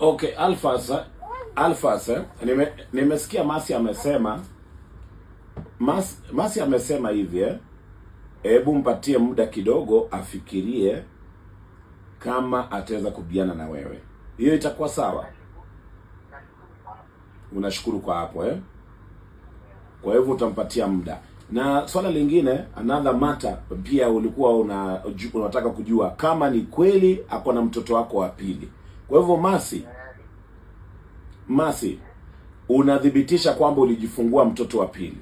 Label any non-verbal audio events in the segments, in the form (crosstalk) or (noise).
Okay, Alphas, Alphas, nime, nimesikia Masi amesema Mas, Masi amesema hivi eh. Hebu mpatie muda kidogo afikirie kama ataweza kubiana na wewe, hiyo itakuwa sawa. Unashukuru kwa hapo eh? Kwa hivyo utampatia muda. Na swala lingine, another matter pia ulikuwa una, unataka kujua kama ni kweli ako na mtoto wako wa pili. Kwa hivyo masi masi unathibitisha kwamba ulijifungua mtoto wa pili?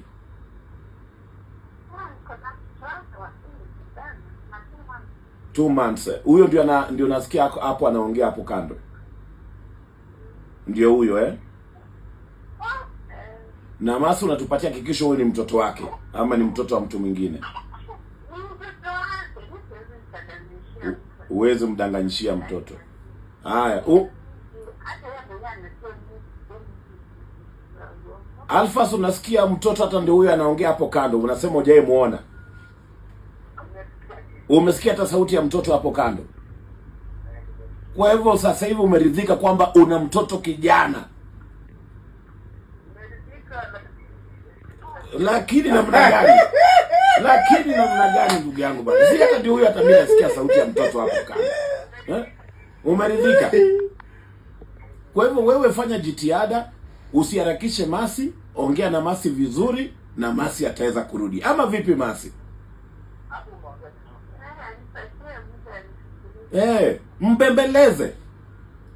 Two months. Huyo ndio na, ndio nasikia hapo anaongea hapo kando, ndio huyo eh? Na masi unatupatia hakikisho huyu ni mtoto wake ama ni mtoto wa mtu mwingine? Huwezi mdanganyishia mtoto. Haya, Alfas, unasikia mtoto hata ndio huyo anaongea hapo kando, unasema hujawahi muona. Umesikia hata sauti ya mtoto hapo kando. Kwa hivyo sasa hivi umeridhika kwamba una mtoto kijana, lakini namna gani? Lakini namna gani, ndugu yangu bwana, si hata ndio huyo, hata mimi nasikia sauti ya mtoto hapo kando eh? Umeridhika? Kwa hivyo wewe fanya jitihada, usiharakishe Masi, ongea na Masi vizuri na Masi ataweza kurudi. Ama vipi Masi? Eh, mbembeleze.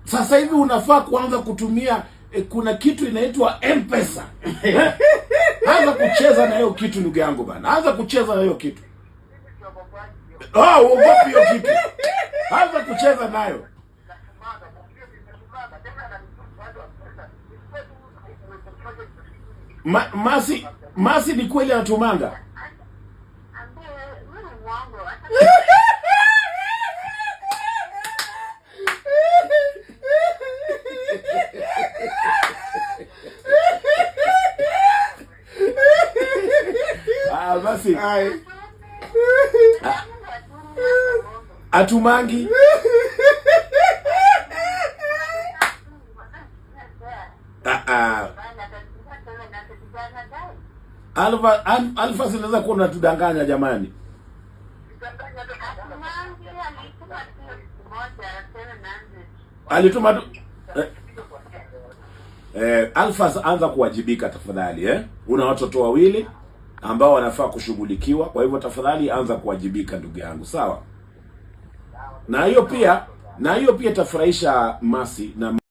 Sasa hivi unafaa kuanza kutumia eh, kuna kitu inaitwa M-Pesa. (laughs) Anza kucheza na hiyo kitu ndugu yangu bana. Anza kucheza na hiyo kitu. Ah, oh, uogopi hiyo kitu. Anza kucheza nayo. Ma, masi masi ni kweli anatumanga basi ah, ah, atumangi ah, ah. Alfa Alfa zinaweza kuwa natudanganya jamani. Alituma tu eh, eh Alfa anza kuwajibika tafadhali eh. Una watoto wawili ambao wanafaa kushughulikiwa, kwa hivyo tafadhali anza kuwajibika ndugu yangu, sawa? Na hiyo pia na hiyo pia itafurahisha Masi na